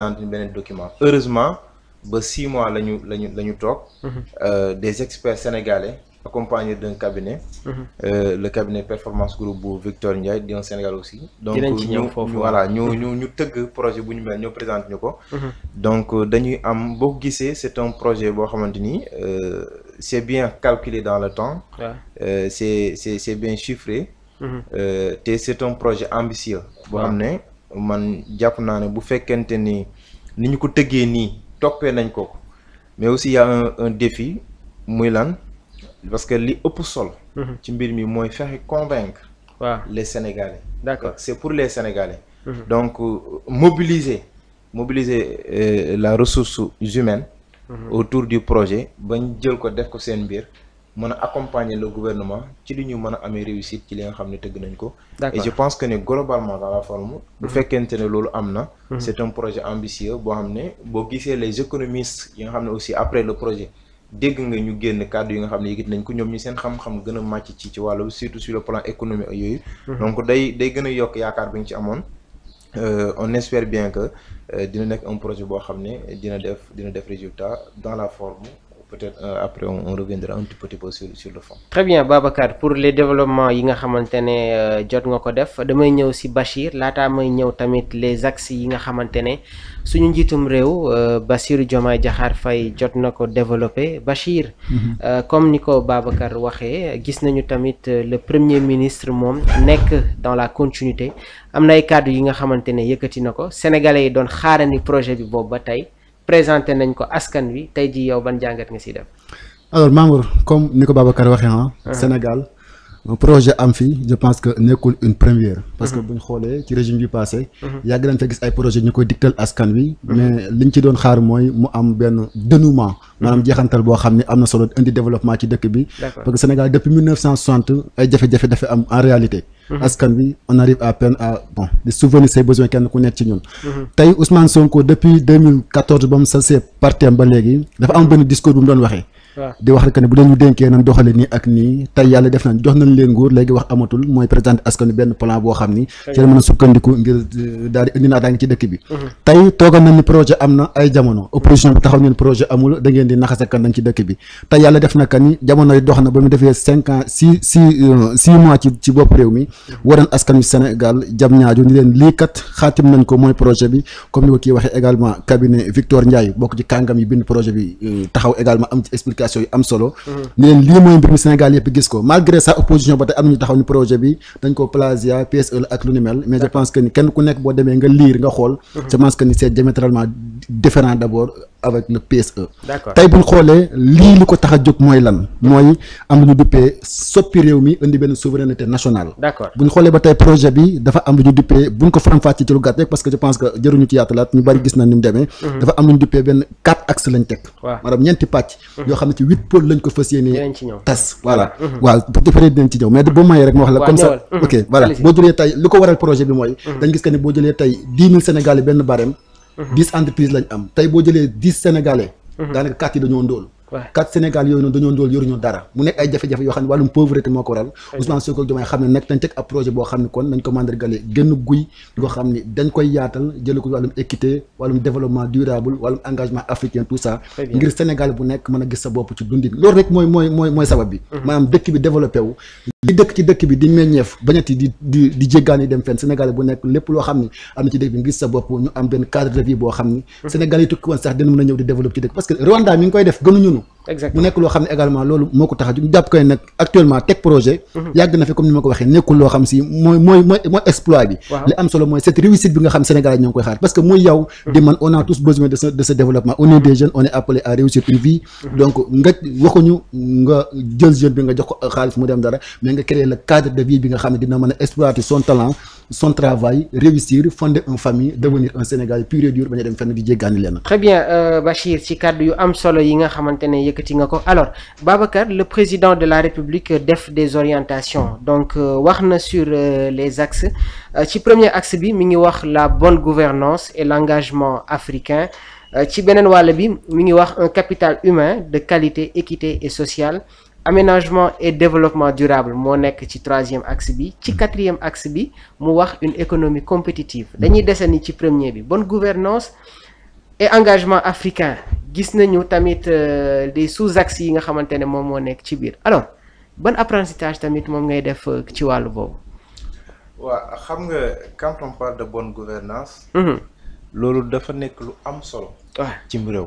dans beneen document heureusement ba six mois la ñu la la ñu toog mhm. euh, des experts sénégalais accompagné d'un cabinet mm -hmm. euh, le cabinet performance groupe bu Victor Ndiaye di un Sénégal aussi donc ñu voilà ñu mhm. ñu ñu tëgg projet bu ñu mel ñoo présente ñu ko mhm. donc euh, dañuy am boo ko gisee c'est un projet boo xamante ni euh, c'est bien calculé dans le temps ouais. euh, c'est c'est c'est te c'est un projet ambitieux boo xam ne man jàpp naa ne bu fekkente ni ni ñu ko tëggee nii toppee nañ ko mais aussi y a un un défi muy lan parce que li ëpp solo. Mhm. ci mbir mi mooy fexe convaincre. waaw les sénégalais. d'accord c'est pour les sénégalais. Mhm. donc euh, mobiliser mobiliser euh, la ressource humaine. Mhm. autour du projet bañ jël ko def ko seen mbir. mën a accompagner le gouvernement ci li ñu mën a amee réussite ci li nga xam ne tëgg nañ ko. et je pense que ne globalement dans la forme. bu mhm. fekkente ne loolu am na. Mhm. c' est un projet ambitieux boo xam ne boo gisee les économistes yi nga xam ne aussi après le projet dégg nga ñu génn kàddu yi nga xam ne yëgit nañ ko ñoom ñu seen xam-xam gën a màcc ci ci wàllu surtout sur le plan économique yooyu. Mhm. donc day day gën a yokk yaakaar bi ñu ci amoon. Euh, on espère bien que euh, dina nekk un projet boo xam ne dina def dina def résultat dans la forme. peut-être euh, après on, on reviendra un petit très bien Babacar pour les développements yi nga xamante ne euh, jot nga ko def damay ñëw si Bachir laataa may ñëw tamit les axes yi nga xamante ne suñu njiitum réew euh, Bassirou Diomaye Diakhar fay jot na ko développé Bachir. Mhm. Euh, comme ni ko Babacar waxee gis nañu tamit le premier ministre moom nekk dans la continuité am na ay kàddu yi nga xamante ne yëkkati na ko sénégalais yi doon xaarandi projet bi boobu ba tey. présenté nañ ko askan wi tey jii yow ban jàngat nga siy dem alors Mamour comme ni ko Babacar waxee ah. Uh-huh. Sénégal. projet am fii je pense que nekkul une première parce que mhm. buñ xoolee ci régime yu passé mhm. yàgg nañ fa gis ay projet ñu koy digtal askan wi mhm. mais liñ ci doon xaar mooy mu am benn dénouement maanaam jeexantal boo xam ne am na solo indi développement ci dëkk bi parce que Sénégal depuis ay jafe-jafe dafa am en réalité askan bi on arrive à peine à bon di souvenir ses besoins kenn ku nekk ci ñun tey Ousmane Sonko depuis 2014 ba mu ba léegi dafa am benn di wax rek ne bu leen ñu dénkee nañ doxale nii ak nii tey yàlla def nañ jox nañ leen nguur léegi wax amatul mooy présenté askanu benn a projet bi euh, taxaw neen am ci explication révélation yu am solo leen lii mooy mbir mi Sénégal yëpp gis ko malgré sa opposition ba tey am nañu taxaw ni projet bi dañ ko plagiat PSE ak lu ni mel mais je pense que ni kenn ku nekk boo demee nga lire nga xool mmh. je pense que ni c'est diamétralement différent d'abord avec le PSE. d'accord tey bu xoolee lii li ko tax a jóg mooy lan mooy am lu ñu duppee soppi réew mi indi benn souveraineté nationale. d'accord bu ñu xoolee ba tey projet bi dafa am lu ñu duppee bu ko faram-fàccee ci lu gàtt rek parce que je pense que jëruñu ci yaatalaat ñu bari gis na ni mu demee. Mhm. dafa am lu ñu duppee benn quatre axes lañ teg. waaw maanaam ñeenti pàcc. Mhm. yoo xam ne ci huit pôles lañ ko fas yéenee. tas voilà. defaree mhm. dinañ ci ñëw mais boo mayee rek ma wax la. comme ça ok voilà boo jëlee tey li ko waral projet bi Mhm. dix entreprises lañ am tey boo jëlee dix sénégalais. Mhm. daanaka quatre yi dañoo ndóol. waaw Sénégal yooyu noonu dañoo ndóol yoruñu dara mu nekk ay jafe-jafe yoo xam ne wàllum pauvreté moo ko waral Ousmane guy yoo xam ne dañ koy yaatal jële ko wàllum équité wàllum développement durable wàllum engagement africain tout ça ngir Sénégal bu nekk mën a gis sa bopp ci dundin loolu rek mooy mooy sabab bi mhm. maanaam dëkk bi développé li dëkk ci dëkk bi di meññeef bañati di di di jéggaan yi dem fenn Sénégal bu nekk lépp loo xam ni am na ci dëkk bi ngir sa bopp ñu am benn cadre de vie boo xam ni Sénégal yi tukki woon sax dina mën a ñëw di développer ci dëkk parce que mi ngi koy def gënuñu nu exactement mu nekk loo xam ne également loolu moo ko tax a ñu jàpp ko nag actuellement teg projet. Mhm. yàgg na fi comme ni ma ko waxee nekkul xam si mooy mooy exploit bi. nga xam ne dina mën a exploiter son talent son travail réussir fonder une famille devenir un Sénégal pur et dur ba ñu dem fenn di jéggaani leen. très bien euh, Bachir ci kàddu yu am solo yi nga xamante ne yëkkati nga ko alors Babacar le président de la République def des orientations donc euh, wax na sur euh, les axes euh, ci premier axe bi mi ngi wax la bonne gouvernance et l'engagement africain ci beneen wàll bi mi ngi wax un capital humain de qualité équité et sociale aménagement et développement durable moo nekk ci troisième axe bi ci quatrième axe bi mu wax une économie compétitive dañuy desani ci premier bi bonne gouvernance engagement africain gis nañu tamit euh, les sous-axes yi nga xamante ne moom moo nekk ci biir alors ban apprentissage tamit moom ngay def euh, ci wàllu boobu. waaw xam nga quand on de bonne gouvernance mhm. loolu dafa nekk lu am solo. waaw ci réew.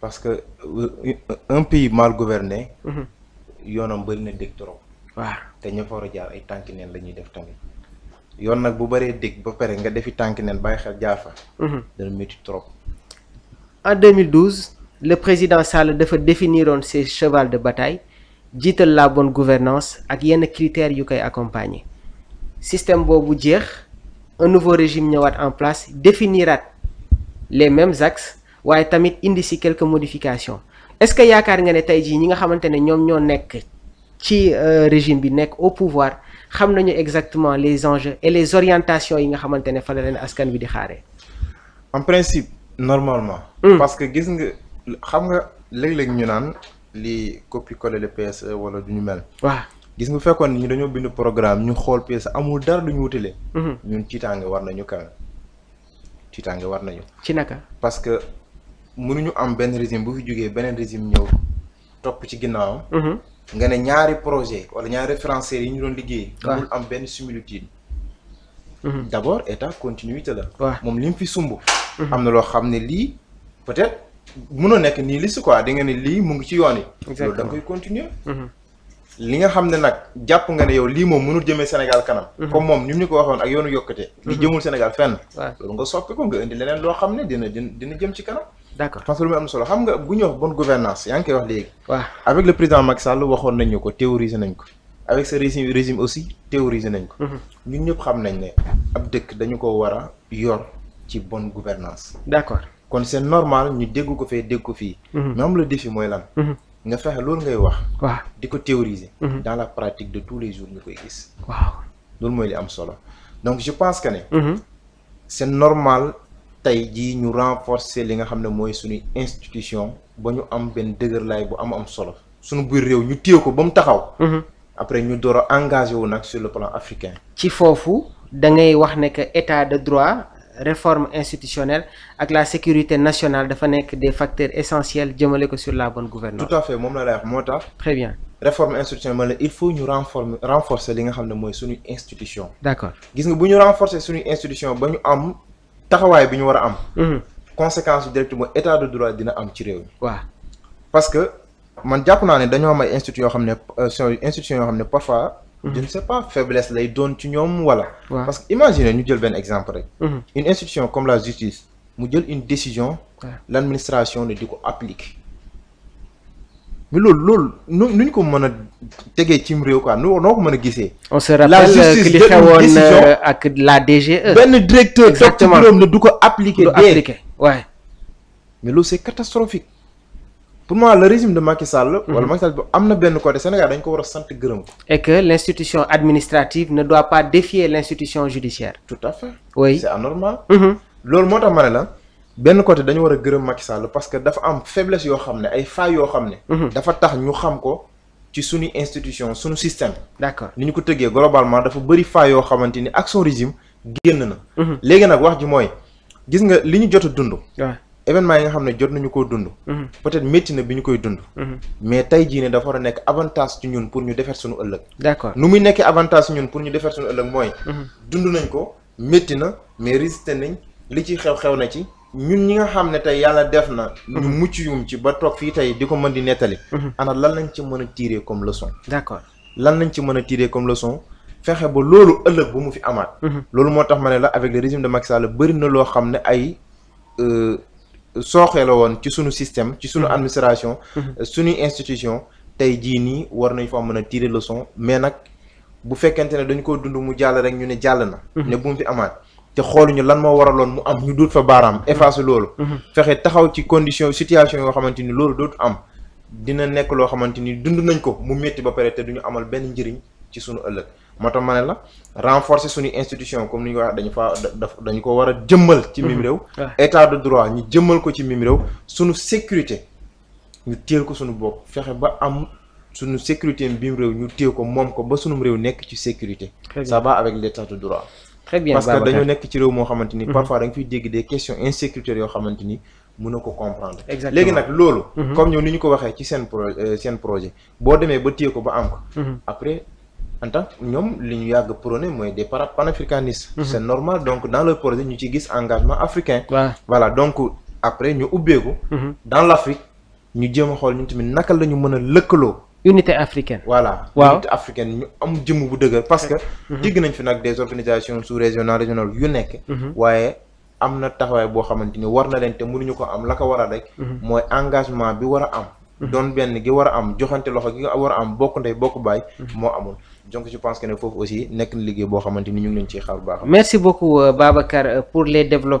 parce que euh, un pays mal gouverné. Mhm. yoonam bëri na dëkk trop. waa te ña fa a ay tànki neen la ñuy def tamit. yoon nag bu bëree dégg ba pare nga defi tànk neen bàyyi xel jaafa. Mhm. dana métti trop. en 2012 le président Sall dafa définiroon ses cheval de bataille jiital la bonne gouvernance ak yenn critères yu koy accompagner système boobu jeex un nouveau régime ñëwaat en place définiraat les mêmes axes waaye tamit indi si quelques modification est-ce que yaakaar nga ne tey jii ñi nga xamante ne ñoom ñoo nekk ci euh, régime bi nekk au pouvoir. xam nañu exactement les enjeux et les orientations yi nga xamante ne fa la leen askan wi di xaare en principe normalement. Hmm. parce que gis nga xam nga léeg-léeg ñu naan li copier-coller le PSE wala du ñu mel. waaw gis nga fekkoon ni dañoo bind programme ñu xool PSE amul dara du ñu wutale. Hmm. ñu tiitaange war nañu kawe tiitaange war nañu. ci naka parce que mënuñu am benn régime bu fi jógee beneen régime ñëw. topp ci ginnaawam. Mhm. nga ne ñaari projet wala ñaari référencier yi ñu doon liggéey. waaw mënul am benn similitude. Mhm. d' abord état continuité moom li mu fi sumb. Mhm. am na loo xam ne lii peut-être mënoo nekk nii li si quoi da nga ne lii mu ngi ci yoon yi. loolu da nga koy continuer. li nga xam ne nag jàpp nga ne yow lii moom mënul jëmee Sénégal kanam. comme moom ni mu ñu ko waxoon ak yoonu yokkute. li jëmul Sénégal fenn. loolu nga soppi ko nga indi leneen loo xam ne dina dina dina jëm ci kanam. d'accord parce que lu muy am solo xam nga bu ñu wax bonne gouvernance yaa ngi koy wax léegi. waaw avec le président Macky Sall waxoon nañu ko théoriser nañ ko. avec ce régime aussi théoriser nañ ko. Mhm. ñun ñëpp xam nañ ne ab dëkk dañu ko war a yor ci bonne gouvernance d'accord kon c'est normal ñu dégg ko fee dégg ko fii. Mhm. mais am le défi mooy lan. Mhm. nga fexe loolu ngay wax. waaw di ko théoriser. dans la pratique de tous les jours ñu koy gis. waaw loolu mooy li am solo donc tey jii ñu renforcer li nga xam ne mooy suñuy institution ba ñu am benn dëgërlaay bu am am solo suñu biir réew ñu téye ko ba mu taxaw. Mhm. après ñu door a engagé wu nag su le plan africain. ci foofu da ngay wax ne que état de droit réforme institutionnelle ak la sécurité nationale dafa nekk des facteurs essentiels jëmale ko sur la bonne gouvernance. tout à fait moom la lay wax moo tax. très bien réforme institutionnelle il faut ñu renformer renforcer li nga xam ne mooy suñu institution. d' accord gis nga bu ñu renforcer suñu institution ba ñu am. taxawaay bi ñu war a am. Mhm. conséquence directe mooy état de droit dina am ci réew mi. waaw parce que man jàpp naa ne dañoo am ay euh, institutions yoo xam ne institutions xam ne parfois. Mhm. je ne sais pas faiblesse lay doon ci ñoom wala. parce que imaginez ñu jël benn exemple rek. Mhm. une institution comme la justice mu jël une décision. l'administration ne di ko appliquer. mais loolu loolu nu nu ñu ko mën a tegee cim réew quoi noo noo ko mën a gisee. on se rappelle que li xewoon euh, ak la DGE. benn directeur toog ci bureau la du ko appliquer. du appliquer waaye. mais loolu c'est catastrophique pour moi le régime de Macky Sall. Mhm. wala Macky Sall am na benn côté Sénégal dañ ko war a sant gërëm ko. et que l'institution administrative ne doit pas défier l'institution judiciaire. tout à fait. oui c'est anormal. Mhm. loolu moo tax ma ne la. benn côté dañu war a gërëm Macky Sall parce que dafa am faiblesse yoo xam ne ay failles yoo xam ne. Mhm. dafa tax ñu xam ko ci suñu institution suñu système. d'accord ni ñu ko tëggee globalement dafa bëri failles yoo xamante ni ak son régime génn na. Mhm. léegi nag wax ji mooy gis nga li ñu jot a dund. événement yi nga xam ne jot nañu ko dund. Mhm. peut-être métti na bi ñu koy dund. mais tey jiine ne dafa war a nekk avantage ci ñun pour ñu defar suñu ëllëg. d'accord nu muy nekkee avantage ci pour ñu defar suñu ëllëg mooy. dund nañ ko métti na mais résisté nañ li ci xew xew na ci. ñun ñi nga xam ne tey yàlla def na. Mhm. ñu mucc yum ci ba toog fii tey di ko mën di nettali. Mhm. ana lan lañ ci mën a tirer comme leçon. d'accord lan lañ ci mën a tirer comme leçon fexe ba loolu ëllëg bu mu fi amaat. Mhm. loolu moo tax ma ne la avec le régime de Macky Sall bëri na loo xam ne ay euh, sooxee la woon ci suñu système ci suñu administration. Euh, sunu institution tey jii nii war nañ fa mën a tirer leçon mais nag bu fekkente ne dañ ko dund mu jàll rek ñu ne jàll na. ne bu mu fi amaat. te xooluñu lan moo waraloon mu am ñu duut fa baaraam effacé loolu. Mhm. Mhm. fexe taxaw ci condition situation yoo xamante ni loolu dootu am dina nekk loo xamante ni dund nañ ko mu métti ba pare te duñu amal benn njëriñ ci suñu ëllëg moo tax ma ne la renforcer suñu institution comme ni ñu ko dañu faa dañu ko war a jëmmal. ci mim mhm. réew. état de droit ñu jëmmal ko ci mim réew suñu sécurité ñu téel ko suñu bopp fexe ba am. sunu sécurité bi réew ñu téye ko moom ko ba sunum réew nekk ci sécurité ça avec l'état de très bien parce que dañoo nekk ci réew moo xamante ni. Mhm. parfois da nga fiy dégg des questions insécuritaires yoo xamante ni mën a ko comprendre. exactement léegi nag loolu. Mhm. comme ñoom ni ñu ko waxee ci seen pro euh, seen projet boo demee ba téye ko ba am ko. Mhm. après en ñoom li ñu yàgg prôné mooy des para panafricanistes. c' est normal donc dans le projet ñu ci gis engagement africain. voilà donc après ñu ubbeeku. dans l' Afrique ñu jéem a xool ñun tamit naka la mën a lëkkaloo. unité africaine. voilà waaw unité ñu am jëmm bu dëgër parce que. Mhm. dégg nañ fi nag des organisations sous régionales régionales yu nekk. Mhm. waaye am na taxawaay boo xamante war na leen te mënuñu ko am la ko a rek. Mhm. mooy engagement bi war a am. doon benn gi war a am joxante loxo gi war a am bokk ndey bokk baay. moo amul donc je pense que ne foofu aussi nekk na liggéey boo xamante ni ñu ngi leen ciy xaar bu merci beaucoup euh, Babacar euh, pour les développements.